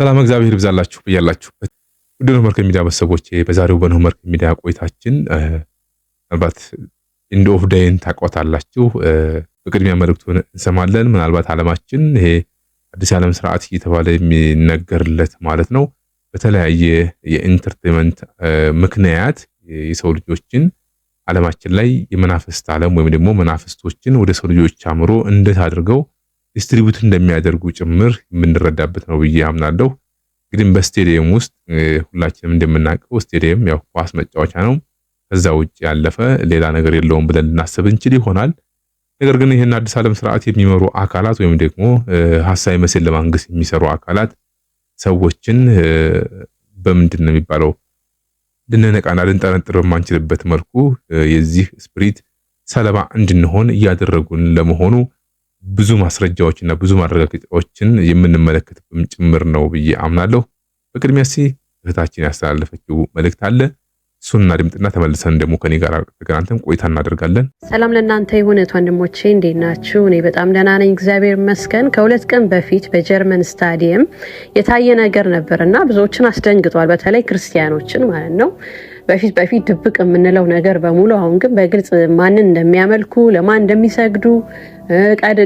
ሰላም እግዚአብሔር ይብዛላችሁ ብያላችሁበት ውድ ኖህ መርከብ ሚዲያ ቤተሰቦቼ፣ በዛሬው በኖህ መርከብ ሚዲያ ቆይታችን ምናልባት ኢንድ ኦፍ ዳይን ታውቋታላችሁ። በቅድሚያ መልእክቱ እንሰማለን። ምናልባት ዓለማችን ይሄ አዲስ ዓለም ስርዓት እየተባለ የሚነገርለት ማለት ነው በተለያየ የኢንተርቴንመንት ምክንያት የሰው ልጆችን ዓለማችን ላይ የመናፍስት ዓለም ወይም ደግሞ መናፍስቶችን ወደ ሰው ልጆች አምሮ እንዴት አድርገው ዲስትሪቢዩት እንደሚያደርጉ ጭምር የምንረዳበት ነው ብዬ አምናለሁ። እንግዲህ በስቴዲየም ውስጥ ሁላችንም እንደምናውቀው ስቴዲየም ያው ኳስ መጫወቻ ነው። ከዛ ውጭ ያለፈ ሌላ ነገር የለውም ብለን ልናስብ እንችል ይሆናል። ነገር ግን ይህን አዲስ ዓለም ስርዓት የሚመሩ አካላት ወይም ደግሞ ሀሳዊ መሴን ለማንግስት የሚሰሩ አካላት ሰዎችን በምንድን ነው የሚባለው ልንነቃና ልንጠረጥር በማንችልበት መልኩ የዚህ ስፕሪት ሰለባ እንድንሆን እያደረጉን ለመሆኑ ብዙ ማስረጃዎችና ብዙ ማረጋገጫዎችን የምንመለከት ጭምር ነው ብዬ አምናለሁ። በቅድሚያ ሲ እህታችን ያስተላለፈችው መልእክት አለ እሱና ድምጥና ተመልሰን ደግሞ ከኔ ጋር ተገናንተን ቆይታ እናደርጋለን። ሰላም ለእናንተ የሆነት ወንድሞቼ እንዴት ናችሁ? እኔ በጣም ደህና ነኝ እግዚአብሔር ይመስገን። ከሁለት ቀን በፊት በጀርመን ስታዲየም የታየ ነገር ነበር እና ብዙዎችን አስደንግጧል፣ በተለይ ክርስቲያኖችን ማለት ነው። በፊት በፊት ድብቅ የምንለው ነገር በሙሉ አሁን ግን በግልጽ ማንን እንደሚያመልኩ ለማን እንደሚሰግዱ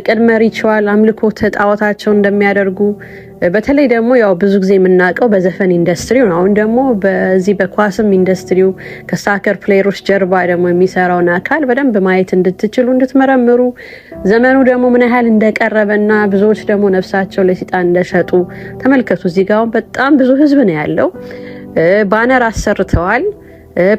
ቅድመ ሪችዋል አምልኮ ተጣዋታቸው እንደሚያደርጉ በተለይ ደግሞ ያው ብዙ ጊዜ የምናውቀው በዘፈን ኢንዱስትሪው ነው። አሁን ደግሞ በዚህ በኳስም ኢንዱስትሪው ከሳከር ፕሌየሮች ጀርባ ደግሞ የሚሰራውን አካል በደንብ ማየት እንድትችሉ እንድትመረምሩ፣ ዘመኑ ደግሞ ምን ያህል እንደቀረበና ብዙዎች ደግሞ ነፍሳቸው ለሰይጣን እንደሸጡ ተመልከቱ። እዚህ ጋር አሁን በጣም ብዙ ህዝብ ነው ያለው። ባነር አሰርተዋል።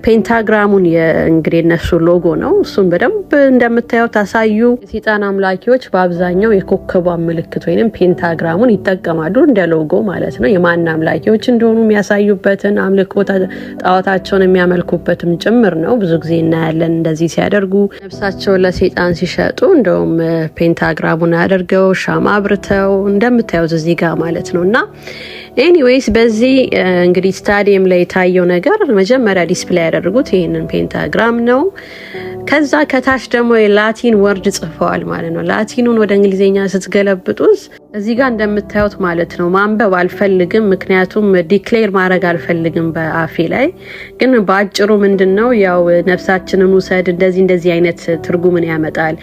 ፔንታግራሙን እንግዲህ እነሱ ሎጎ ነው። እሱን በደንብ እንደምታየው ታሳዩ ሰይጣን አምላኪዎች በአብዛኛው የኮከቧ ምልክት ወይም ፔንታግራሙን ይጠቀማሉ እንደ ሎጎ ማለት ነው። የማን አምላኪዎች እንደሆኑ የሚያሳዩበትን አምልኮ ጣዖታቸውን የሚያመልኩበትም ጭምር ነው። ብዙ ጊዜ እናያለን እንደዚህ ሲያደርጉ ነፍሳቸውን ለሰይጣን ሲሸጡ እንደውም ፔንታግራሙን አድርገው ሻማ አብርተው እንደምታዩት እዚህ ጋር ማለት ነው እና ኤኒዌይስ በዚህ እንግዲህ ስታዲየም ላይ የታየው ነገር መጀመሪያ ዲስ ላይ ያደረጉት ይህንን ፔንታግራም ነው። ከዛ ከታች ደግሞ የላቲን ወርድ ጽፈዋል ማለት ነው። ላቲኑን ወደ እንግሊዝኛ ስትገለብጡት እዚህ ጋር እንደምታዩት ማለት ነው። ማንበብ አልፈልግም፣ ምክንያቱም ዲክሌር ማድረግ አልፈልግም በአፌ ላይ። ግን በአጭሩ ምንድን ነው ያው ነፍሳችንን ውሰድ እንደዚህ እንደዚህ አይነት ትርጉምን ያመጣል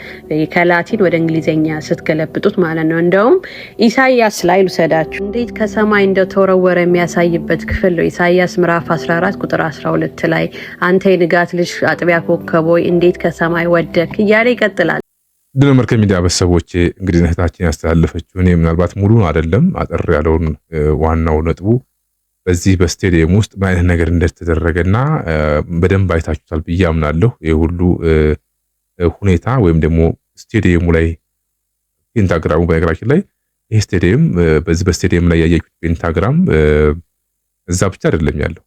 ከላቲን ወደ እንግሊዝኛ ስትገለብጡት ማለት ነው። እንደውም ኢሳያስ ላይ ልውሰዳችሁ እንዴት ከሰማይ እንደተወረወረ የሚያሳይበት ክፍል ነው። ኢሳያስ ምዕራፍ 14 ቁጥር 12 ላይ አንተ የንጋት ልጅ አጥቢያ ኮከቦይ እንዴት እንዴት ከሰማይ ወደክ እያለ ይቀጥላል። ድል መርከብ ሚዲያ ቤተሰቦቼ እንግዲህ እህታችን ያስተላለፈችው እኔ ምናልባት ሙሉን አይደለም አጠር ያለውን ዋናው ነጥቡ በዚህ በስቴዲየም ውስጥ ምን አይነት ነገር እንደተደረገና በደንብ አይታችሁታል ብዬ አምናለሁ። ይህ ሁሉ ሁኔታ ወይም ደግሞ ስቴዲየሙ ላይ ፔንታግራሙ በነገራችን ላይ ይህ ስቴዲየም በዚህ በስቴዲየም ላይ ያያችሁት ፔንታግራም እዛ ብቻ አይደለም ያለው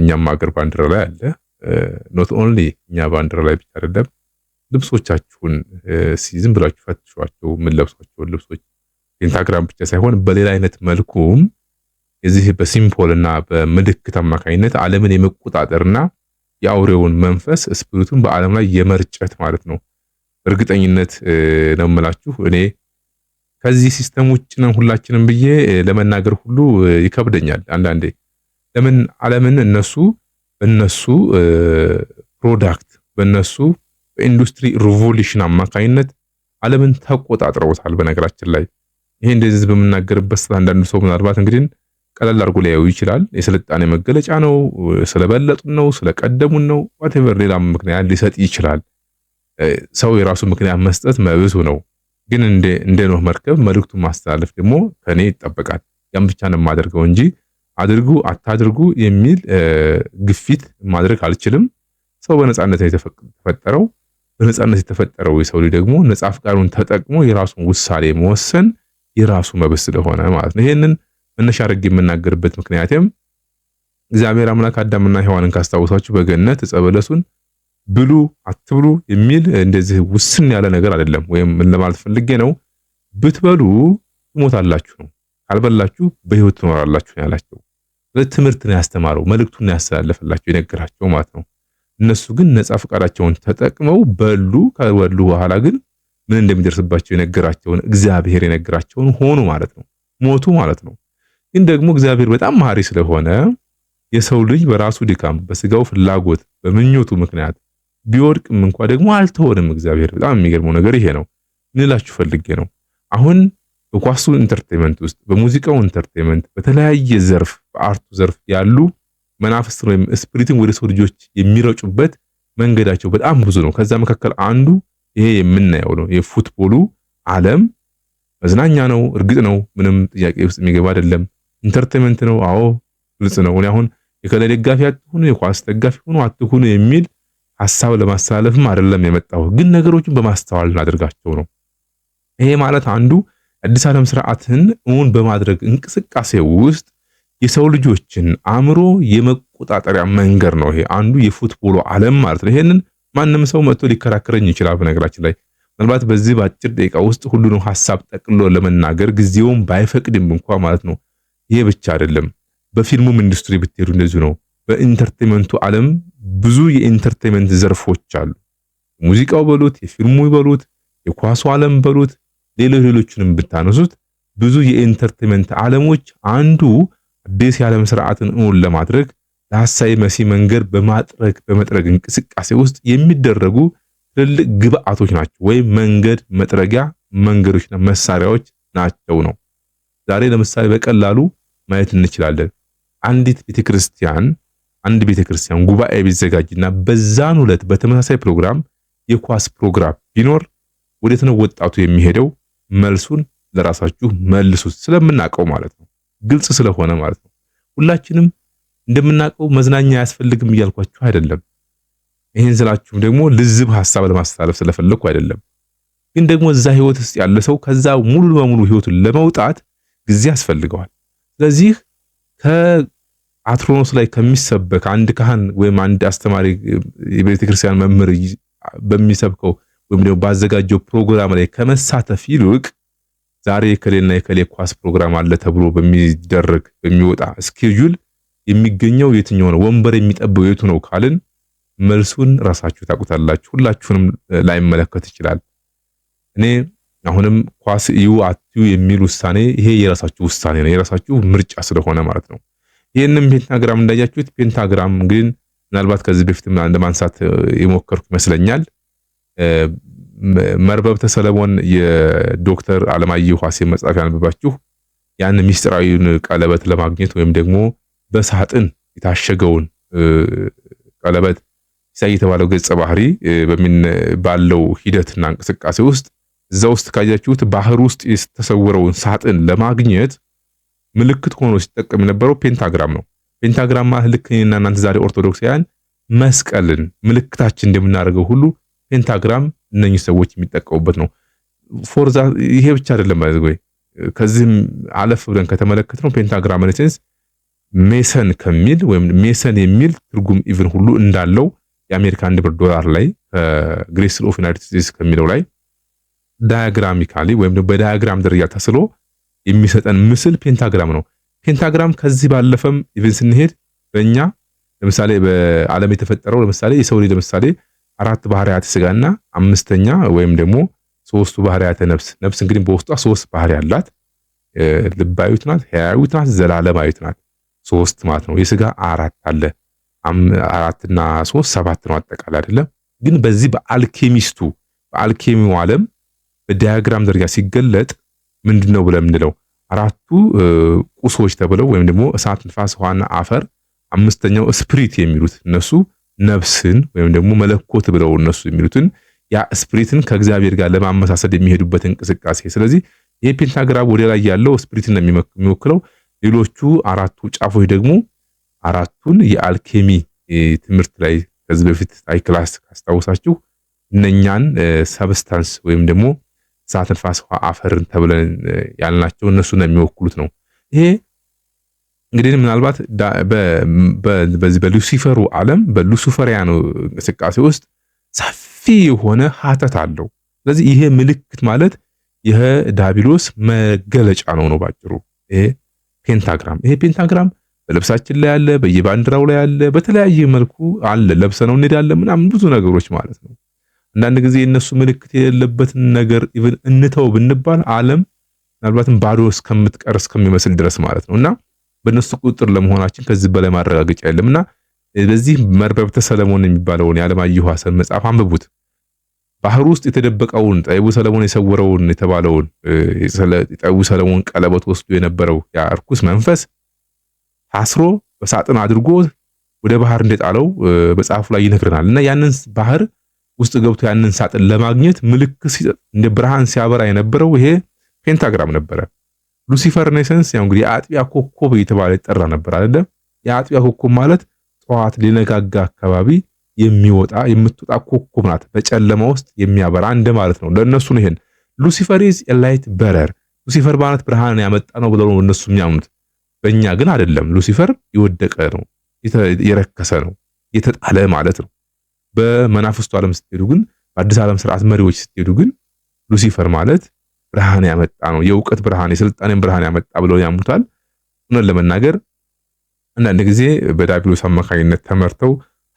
እኛም አገር ባንዲራ ላይ አለ። ኖት ኦንሊ እኛ ባንዲራ ላይ ብቻ አይደለም። ልብሶቻችሁን ዝም ብላችሁ ፈትሿቸው። የምንለብሷቸውን ልብሶች ፔንታግራም ብቻ ሳይሆን በሌላ አይነት መልኩም እዚህ በሲምፖል እና በምልክት አማካኝነት ዓለምን የመቆጣጠርና የአውሬውን መንፈስ ስፒሪቱን በዓለም ላይ የመርጨት ማለት ነው። እርግጠኝነት ነው የምላችሁ እኔ ከዚህ ሲስተም ውጭ ነን ሁላችንም ብዬ ለመናገር ሁሉ ይከብደኛል አንዳንዴ። ለምን ዓለምን እነሱ በነሱ ፕሮዳክት በነሱ በኢንዱስትሪ ሪቮሉሽን አማካኝነት ዓለምን ተቆጣጥረውታል። በነገራችን ላይ ይሄ እንደዚህ በምናገርበት ሰዓት አንዳንዱ ሰው ምናልባት እንግዲህ ቀላል አድርጎ ሊያዩ ይችላል። የስልጣኔ መገለጫ ነው፣ ስለበለጡን ነው፣ ስለቀደሙን ነው፣ ዋቴቨር ሌላም ምክንያት ሊሰጥ ይችላል። ሰው የራሱ ምክንያት መስጠት መብቱ ነው። ግን እንደ ኖህ መርከብ መልእክቱን ማስተላለፍ ደግሞ ከእኔ ይጠበቃል። ያም ብቻ ነው የማደርገው እንጂ አድርጉ አታድርጉ የሚል ግፊት ማድረግ አልችልም። ሰው በነፃነት ነው የተፈጠረው። በነፃነት የተፈጠረው የሰው ልጅ ደግሞ ነፃ ፍቃዱን ተጠቅሞ የራሱን ውሳኔ መወሰን የራሱ መብት ስለሆነ ማለት ነው። ይሄንን መነሻ አድርጌ የምናገርበት ምክንያቴም እግዚአብሔር አምላክ አዳምና ሔዋንን ካስታወሳችሁ በገነት ዕፀ በለሱን ብሉ አትብሉ የሚል እንደዚህ ውስን ያለ ነገር አይደለም። ወይም ለማለት ፈልጌ ነው ብትበሉ ትሞታላችሁ ነው፣ ካልበላችሁ በህይወት ትኖራላችሁ ያላቸው ትምህርት ነው ያስተማረው፣ መልእክቱን ያስተላለፈላቸው የነገራቸው ማለት ነው። እነሱ ግን ነፃ ፈቃዳቸውን ተጠቅመው በሉ። ከበሉ በኋላ ግን ምን እንደሚደርስባቸው የነገራቸውን እግዚአብሔር የነገራቸውን ሆኑ ማለት ነው፣ ሞቱ ማለት ነው። ግን ደግሞ እግዚአብሔር በጣም መሐሪ ስለሆነ የሰው ልጅ በራሱ ድካም፣ በስጋው ፍላጎት፣ በምኞቱ ምክንያት ቢወድቅም እንኳ ደግሞ አልተወንም እግዚአብሔር። በጣም የሚገርመው ነገር ይሄ ነው። ንላችሁ ፈልጌ ነው አሁን በኳሱ ኢንተርቴንመንት ውስጥ በሙዚቃው ኢንተርቴንመንት በተለያየ ዘርፍ በአርቱ ዘርፍ ያሉ መናፍስትን ወይም ስፕሪትን ወደ ሰው ልጆች የሚረጩበት መንገዳቸው በጣም ብዙ ነው። ከዛ መካከል አንዱ ይሄ የምናየው ነው። የፉትቦሉ ዓለም መዝናኛ ነው፣ እርግጥ ነው፣ ምንም ጥያቄ ውስጥ የሚገባ አይደለም። ኢንተርቴንመንት ነው፣ አዎ ግልጽ ነው። እኔ አሁን የከላይ ደጋፊ አትሁኑ፣ የኳስ ደጋፊ ሁኑ አትሁኑ የሚል ሐሳብ ለማስተላለፍም አይደለም የመጣው፣ ግን ነገሮችን በማስተዋል እናደርጋቸው ነው። ይሄ ማለት አንዱ አዲስ ዓለም ስርዓትን እውን በማድረግ እንቅስቃሴ ውስጥ የሰው ልጆችን አእምሮ የመቆጣጠሪያ መንገድ ነው። ይሄ አንዱ የፉትቦሉ ዓለም ማለት ነው። ይሄንን ማንም ሰው መጥቶ ሊከራከረኝ ይችላል። በነገራችን ላይ ምናልባት በዚህ በአጭር ደቂቃ ውስጥ ሁሉንም ሀሳብ ጠቅሎ ለመናገር ጊዜውም ባይፈቅድም እንኳ ማለት ነው። ይሄ ብቻ አይደለም። በፊልሙም ኢንዱስትሪ ብትሄዱ እንደዚሁ ነው። በኢንተርቴንመንቱ ዓለም ብዙ የኢንተርቴንመንት ዘርፎች አሉ። ሙዚቃው በሉት፣ የፊልሙ በሉት፣ የኳሱ ዓለም በሉት፣ ሌሎች ሌሎቹንም ብታነሱት ብዙ የኢንተርቴንመንት ዓለሞች አንዱ አዲስ የዓለም ስርዓትን እውን ለማድረግ ለሐሳዊ መሲህ መንገድ በማጥረግ በመጥረግ እንቅስቃሴ ውስጥ የሚደረጉ ትልልቅ ግብአቶች ናቸው፣ ወይም መንገድ መጥረጊያ መንገዶችና መሳሪያዎች ናቸው ነው። ዛሬ ለምሳሌ በቀላሉ ማየት እንችላለን። አንዲት ቤተክርስቲያን አንድ ቤተክርስቲያን ጉባኤ ቢዘጋጅና በዛን ዕለት በተመሳሳይ ፕሮግራም የኳስ ፕሮግራም ቢኖር ወዴት ነው ወጣቱ የሚሄደው? መልሱን ለራሳችሁ መልሱ ስለምናውቀው ማለት ነው። ግልጽ ስለሆነ ማለት ነው። ሁላችንም እንደምናውቀው መዝናኛ አያስፈልግም እያልኳችሁ አይደለም። ይህን ስላችሁም ደግሞ ልዝብ ሐሳብ ለማስተላለፍ ስለፈለኩ አይደለም። ግን ደግሞ እዛ ህይወት ውስጥ ያለ ሰው ከዛ ሙሉ በሙሉ ህይወቱን ለመውጣት ጊዜ ያስፈልገዋል። ስለዚህ ከአትሮኖስ ላይ ከሚሰበክ አንድ ካህን ወይም አንድ አስተማሪ የቤተክርስቲያን መምህር በሚሰብከው ወይም ደግሞ ባዘጋጀው ፕሮግራም ላይ ከመሳተፍ ይልቅ ዛሬ የከሌና የከሌ ኳስ ፕሮግራም አለ ተብሎ በሚደረግ በሚወጣ ስኬጁል የሚገኘው የትኛው ነው? ወንበር የሚጠበው የቱ ነው ካልን መልሱን ራሳችሁ ታውቁታላችሁ። ሁላችሁንም ላይመለከት ይችላል። እኔ አሁንም ኳስ እዩ አትዩ የሚል ውሳኔ ይሄ የራሳችሁ ውሳኔ ነው፣ የራሳችሁ ምርጫ ስለሆነ ማለት ነው። ይህንም ፔንታግራም እንዳያችሁት፣ ፔንታግራም ግን ምናልባት ከዚህ በፊት እንደማንሳት የሞከርኩ ይመስለኛል መርበብተ ሰለሞን የዶክተር አለማየሁ ሐሴን መጽሐፍ ያንብባችሁ ያን ሚስጥራዊውን ቀለበት ለማግኘት ወይም ደግሞ በሳጥን የታሸገውን ቀለበት ኢሳይ የተባለው ገጸ ባህሪ ባለው ሂደትና እንቅስቃሴ ውስጥ እዛ ውስጥ ካያችሁት ባህር ውስጥ የተሰወረውን ሳጥን ለማግኘት ምልክት ሆኖ ሲጠቀም የነበረው ፔንታግራም ነው። ፔንታግራም ማለት ልክ እኔና እናንተ ዛሬ ኦርቶዶክሳውያን መስቀልን ምልክታችን እንደምናደርገው ሁሉ ፔንታግራም እነኚህ ሰዎች የሚጠቀሙበት ነው። ፎርዛ ይሄ ብቻ አይደለም ማለት ወይ ከዚህም አለፍ ብለን ከተመለከት ነው ፔንታግራም ሴንስ ሜሰን ከሚል ወይም ሜሰን የሚል ትርጉም ኢቭን ሁሉ እንዳለው የአሜሪካ አንድ ብር ዶላር ላይ ግሬስል ኦፍ ዩናይትድ ስቴትስ ከሚለው ላይ ዳያግራሚካሊ ወይም በዳያግራም ደረጃ ተስሎ የሚሰጠን ምስል ፔንታግራም ነው። ፔንታግራም ከዚህ ባለፈም ኢቭን ስንሄድ በእኛ ለምሳሌ በዓለም የተፈጠረው ለምሳሌ የሰው ልጅ ለምሳሌ አራት ባህሪያት ስጋና አምስተኛ ወይም ደግሞ ሶስቱ ባህሪያት ነፍስ። ነፍስ እንግዲህ በውስጧ ሶስት ባህሪ አላት። ልባዊት ናት፣ ሕያዊት ናት፣ ዘላለማዊት ናት። ሶስት ማለት ነው። የስጋ አራት አለ አራትና ሶስት ሰባት ነው አጠቃላይ አይደለም። ግን በዚህ በአልኬሚስቱ በአልኬሚው ዓለም በዲያግራም ደረጃ ሲገለጥ ምንድን ነው ብለን የምንለው አራቱ ቁሶች ተብለው ወይም ደግሞ እሳት፣ ንፋስ፣ ውሃና አፈር፣ አምስተኛው ስፕሪት የሚሉት እነሱ ነፍስን ወይም ደግሞ መለኮት ብለው እነሱ የሚሉትን ያ ስፕሪትን ከእግዚአብሔር ጋር ለማመሳሰል የሚሄዱበት እንቅስቃሴ። ስለዚህ ይህ ፔንታግራም ወደ ላይ ያለው ስፕሪትን ነው የሚወክለው። ሌሎቹ አራቱ ጫፎች ደግሞ አራቱን የአልኬሚ ትምህርት ላይ ከዚህ በፊት አይ ክላስ ካስታውሳችሁ እነኛን ሰብስታንስ ወይም ደግሞ እሳት፣ ንፋስ፣ ውሃ፣ አፈርን ተብለን ያልናቸው እነሱን የሚወክሉት ነው ይሄ እንግዲህ ምናልባት በዚህ በሉሲፈሩ ዓለም በሉሲፈሪያኑ እንቅስቃሴ ውስጥ ሰፊ የሆነ ሀተት አለው። ስለዚህ ይሄ ምልክት ማለት ይሄ ዳቢሎስ መገለጫ ነው ነው ባጭሩ። ይሄ ፔንታግራም ይሄ ፔንታግራም በልብሳችን ላይ ያለ፣ በየባንዲራው ላይ ያለ፣ በተለያየ መልኩ አለ። ለብሰ ነው እንሄዳለን ምናምን ብዙ ነገሮች ማለት ነው። አንዳንድ ጊዜ የእነሱ ምልክት የሌለበትን ነገር ኢቭን እንተው ብንባል ዓለም ምናልባትም ባዶ እስከምትቀር እስከሚመስል ድረስ ማለት ነውና በእነሱ ቁጥጥር ለመሆናችን ከዚህ በላይ ማረጋገጫ እና በዚህ መርበብተ ሰለሞን የሚባለውን የዓለማየሁ ሐሰን መጽሐፍ አንብቡት። ባህር ውስጥ የተደበቀውን ጠቢቡ ሰለሞን የሰወረውን የተባለውን ጠቢቡ ሰለሞን ቀለበት ወስዶ የነበረው ያ እርኩስ መንፈስ ታስሮ በሳጥን አድርጎ ወደ ባህር እንደጣለው መጽሐፉ ላይ ይነግረናል። እና ያንን ባህር ውስጥ ገብቶ ያንን ሳጥን ለማግኘት ምልክት እንደ ብርሃን ሲያበራ የነበረው ይሄ ፔንታግራም ነበረ። ሉሲፈር ኔሰንስ ያው እንግዲህ የአጥቢያ ኮከብ እየተባለ ይጠራ ነበር አይደለም። የአጥቢያ ኮከብ ማለት ጠዋት ሊነጋጋ አካባቢ የሚወጣ የምትወጣ ኮከብ ናት። በጨለማ ውስጥ የሚያበራ እንደ ማለት ነው። ለእነሱ ነው ይሄን ሉሲፈር ኢዝ ላይት በረር ሉሲፈር ማለት ብርሃን ያመጣ ነው ብለው ነው እነሱ የሚያምኑት። በእኛ ግን አይደለም። ሉሲፈር የወደቀ ነው፣ የረከሰ ነው፣ የተጣለ ማለት ነው። በመናፍስቱ ዓለም ስትሄዱ ግን በአዲስ ዓለም ስርዓት መሪዎች ስትሄዱ ግን ሉሲፈር ማለት ብርሃን ያመጣ ነው፣ የእውቀት ብርሃን፣ የስልጣኔን ብርሃን ያመጣ ብለው ያሙታል። እውነት ለመናገር አንዳንድ ጊዜ በዳቢሎስ አማካኝነት ተመርተው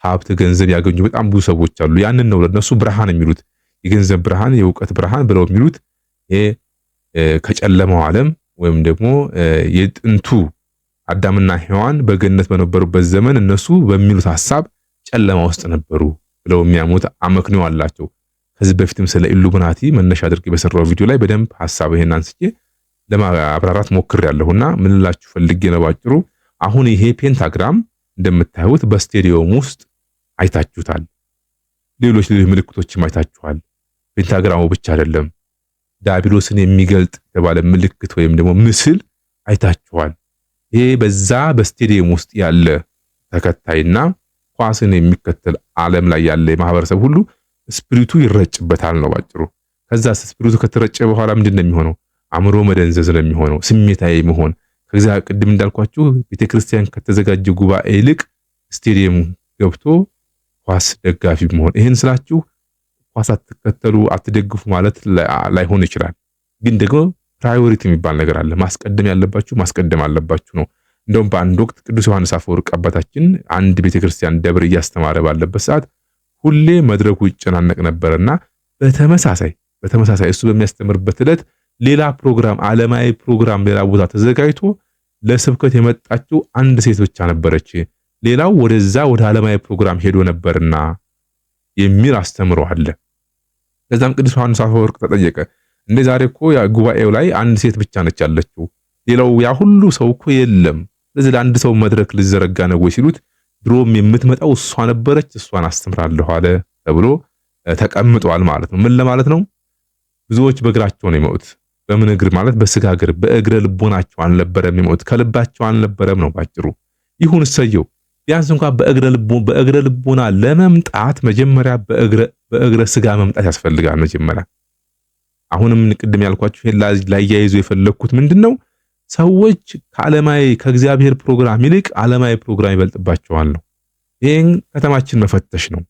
ሀብት፣ ገንዘብ ያገኙ በጣም ብዙ ሰዎች አሉ። ያንን ነው ለነሱ ብርሃን የሚሉት የገንዘብ ብርሃን፣ የእውቀት ብርሃን ብለው የሚሉት ከጨለማው ዓለም ወይም ደግሞ የጥንቱ አዳምና ሔዋን በገነት በነበሩበት ዘመን እነሱ በሚሉት ሐሳብ ጨለማ ውስጥ ነበሩ ብለው የሚያሙት አመክንዮ አላቸው። ከዚህ በፊትም ስለ ኢሉሚናቲ መነሻ አድርጌ በሰራው ቪዲዮ ላይ በደንብ ሀሳብ ይሄን አንስቼ ለማብራራት ሞክር ያለሁና ምንላችሁ ፈልጌ ነው ባጭሩ፣ አሁን ይሄ ፔንታግራም እንደምታዩት በስቴዲየም ውስጥ አይታችሁታል። ሌሎች ሌሎች ምልክቶችም አይታችኋል። ፔንታግራሙ ብቻ አይደለም ዳቢሎስን የሚገልጥ የተባለ ምልክት ወይም ደግሞ ምስል አይታችኋል። ይሄ በዛ በስቴዲየም ውስጥ ያለ ተከታይና ኳስን የሚከተል ዓለም ላይ ያለ የማህበረሰብ ሁሉ ስፕሪቱ ይረጭበታል ነው ባጭሩ። ከዛ ስፕሪቱ ከተረጨ በኋላ ምንድን ነው የሚሆነው? አእምሮ መደንዘዝ ነው የሚሆነው፣ ስሜታዊ መሆን። ከዛ ቅድም እንዳልኳችሁ ቤተክርስቲያን ከተዘጋጀ ጉባኤ ይልቅ ስቴዲየም ገብቶ ኳስ ደጋፊ መሆን። ይህን ስላችሁ ኳስ አትከተሉ አትደግፉ ማለት ላይሆን ይችላል። ግን ደግሞ ፕራዮሪቲ የሚባል ነገር አለ። ማስቀደም ያለባችሁ ማስቀደም አለባችሁ ነው። እንደውም በአንድ ወቅት ቅዱስ ዮሐንስ አፈወርቅ አባታችን አንድ ቤተክርስቲያን ደብር እያስተማረ ባለበት ሰዓት ሁሌ መድረኩ ይጨናነቅ ነበርና በተመሳሳይ በተመሳሳይ እሱ በሚያስተምርበት ዕለት ሌላ ፕሮግራም ዓለማዊ ፕሮግራም ሌላ ቦታ ተዘጋጅቶ ለስብከት የመጣችው አንድ ሴት ብቻ ነበረች። ሌላው ወደዛ ወደ ዓለማዊ ፕሮግራም ሄዶ ነበርና የሚል አስተምሮ አለ። ከዛም ቅዱስ ዮሐንስ አፈወርቅ ተጠየቀ። እንደ ዛሬ እኮ ጉባኤው ላይ አንድ ሴት ብቻ ነች ያለችው፣ ሌላው ያ ሁሉ ሰው እኮ የለም። ስለዚህ ለአንድ ሰው መድረክ ልዘረጋ ነው ወይ ሲሉት ድሮም የምትመጣው እሷ ነበረች፣ እሷን አስተምራለሁ አለ ተብሎ ተቀምጧል ማለት ነው። ምን ለማለት ነው? ብዙዎች በእግራቸው ነው የሞት። በምን እግር ማለት በስጋ እግር፣ በእግረ ልቦናቸው አልነበረም የሞት፣ ከልባቸው አልነበረም ነው ባጭሩ። ይሁን እሰየው። ቢያንስ እንኳን በእግረ ልቦና ለመምጣት መጀመሪያ በእግረ ስጋ መምጣት ያስፈልጋል። መጀመሪያ አሁንም ቅድም ያልኳችሁ ይሄን የፈለግኩት ምንድን ነው ሰዎች ከዓለማዊ ከእግዚአብሔር ፕሮግራም ይልቅ ዓለማዊ ፕሮግራም ይበልጥባቸዋል ነው። ይህን ከተማችን መፈተሽ ነው።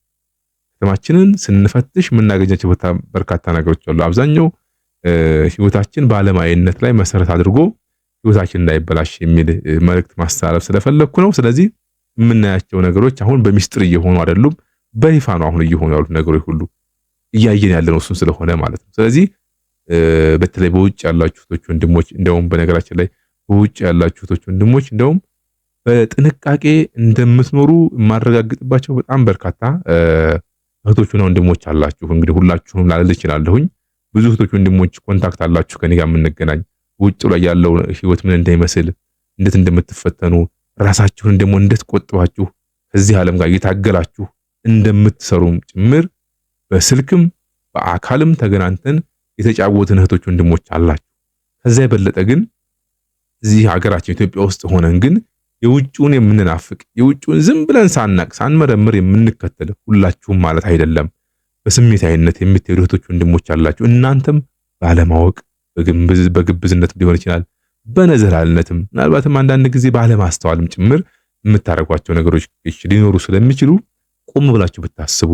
ከተማችንን ስንፈትሽ የምናገኛቸው በርካታ ነገሮች አሉ። አብዛኛው ህይወታችን በዓለማዊነት ላይ መሰረት አድርጎ ህይወታችን እንዳይበላሽ የሚል መልእክት ማስተላለፍ ስለፈለግኩ ነው። ስለዚህ የምናያቸው ነገሮች አሁን በሚስጥር እየሆኑ አይደሉም፣ በይፋ ነው አሁን እየሆኑ ያሉት ነገሮች ሁሉ እያየን ያለነው እሱን ስለሆነ ማለት ነው። ስለዚህ በተለይ በውጭ ያላችሁ እህቶች ወንድሞች፣ እንደውም በነገራችን ላይ በውጭ ያላችሁ እህቶች ወንድሞች እንደውም በጥንቃቄ እንደምትኖሩ የማረጋግጥባቸው በጣም በርካታ እህቶችና ወንድሞች አላችሁ። እንግዲህ ሁላችሁም ላለል ይችላለሁኝ። ብዙ እህቶች ወንድሞች ኮንታክት አላችሁ ከኔ ጋር የምንገናኝ ውጭ ላይ ያለው ህይወት ምን እንደሚመስል እንዴት እንደምትፈተኑ ራሳችሁን ደግሞ እንዴት ቆጥባችሁ ከዚህ ዓለም ጋር እየታገላችሁ እንደምትሰሩም ጭምር በስልክም በአካልም ተገናኝተን የተጫወትን እህቶች ወንድሞች አላችሁ። ከዛ የበለጠ ግን እዚህ ሀገራችን ኢትዮጵያ ውስጥ ሆነን ግን የውጭውን የምንናፍቅ የውጭውን ዝም ብለን ሳናቅ ሳንመረምር የምንከተል ሁላችሁም ማለት አይደለም፣ በስሜታዊነት የምትሄዱ እህቶች ወንድሞች አላችሁ። እናንተም ባለማወቅ በግብዝነት ሊሆን ይችላል፣ በነዘላልነትም ምናልባትም አንዳንድ ጊዜ ባለማስተዋልም ጭምር የምታደርጓቸው ነገሮች ሊኖሩ ስለሚችሉ ቆም ብላችሁ ብታስቡ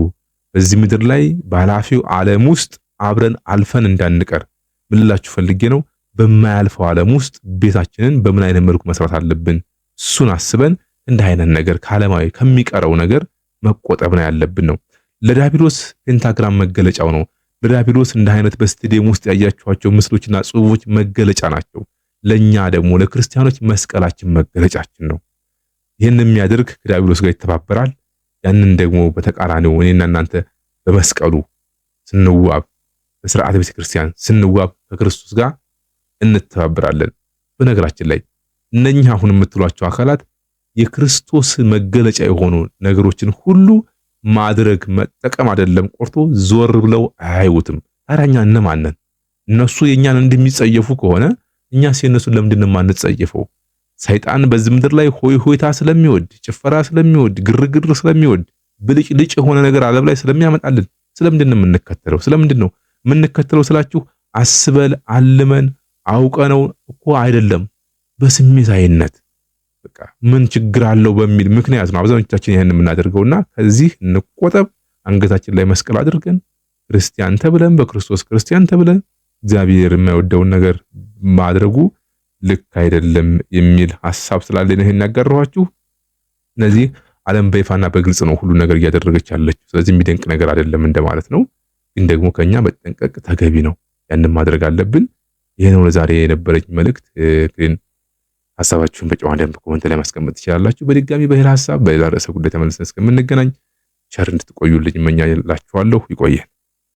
በዚህ ምድር ላይ በኃላፊው ዓለም ውስጥ አብረን አልፈን እንዳንቀር ምንላችሁ ፈልጌ ነው። በማያልፈው ዓለም ውስጥ ቤታችንን በምን አይነት መልኩ መስራት አለብን? እሱን አስበን እንዲህ አይነት ነገር ከዓለማዊ ከሚቀረው ነገር መቆጠብ ነው ያለብን ነው። ለዳቢሎስ ፔንታግራም መገለጫው ነው። ለዳቢሎስ እንዲህ አይነት በስቴዲየም ውስጥ ያያችኋቸው ምስሎችና ጽሁፎች መገለጫ ናቸው። ለኛ ደግሞ ለክርስቲያኖች መስቀላችን መገለጫችን ነው። ይህን የሚያደርግ ከዲያብሎስ ጋር ይተባበራል። ያንን ደግሞ በተቃራኒው እኔና እናንተ በመስቀሉ ስንዋብ በስርዓተ ቤተ ክርስቲያን ስንዋብ ከክርስቶስ ጋር እንተባበራለን። በነገራችን ላይ እነኚህ አሁን የምትሏቸው አካላት የክርስቶስ መገለጫ የሆኑ ነገሮችን ሁሉ ማድረግ መጠቀም አይደለም ቆርቶ ዞር ብለው አያዩትም። አራኛ እኛ እነማን ነን? እነሱ የእኛን እንደሚጸየፉ ከሆነ እኛስ የእነሱን ለምንድን ማንጸየፈው? ሰይጣን በዚህ ምድር ላይ ሆይ ሆይታ ስለሚወድ፣ ጭፈራ ስለሚወድ፣ ግርግር ስለሚወድ፣ ብልጭልጭ የሆነ ነገር ዓለም ላይ ስለሚያመጣልን ስለምንድን ነው የምንከተለው? ስለምንድን ነው የምንከተለው ስላችሁ አስበን አልመን አውቀነው እኮ አይደለም። በስሜታዊነት በቃ ምን ችግር አለው በሚል ምክንያት ነው አብዛኞቻችን ይህን የምናደርገውና ከዚህ እንቆጠብ። አንገታችን ላይ መስቀል አድርገን ክርስቲያን ተብለን በክርስቶስ ክርስቲያን ተብለን እግዚአብሔር የማይወደውን ነገር ማድረጉ ልክ አይደለም የሚል ሐሳብ ስላለኝ ይሄን ያጋራኋችሁ። እነዚህ ዓለም በይፋና በግልጽ ነው ሁሉ ነገር እያደረገች ያለችው። ስለዚህ የሚደንቅ ነገር አይደለም እንደማለት ነው። ግን ደግሞ ከኛ መጠንቀቅ ተገቢ ነው። ያንን ማድረግ አለብን። ይህ ነው ለዛሬ የነበረች መልእክት። ግን ሀሳባችሁን በጨዋ ደንብ ኮመንት ላይ ማስቀመጥ ትችላላችሁ። በድጋሚ በሌላ ሀሳብ በሌላ ርዕሰ ጉዳይ ተመልሰን እስከምንገናኝ ቸር እንድትቆዩልኝ እመኛላችኋለሁ። ይቆየን።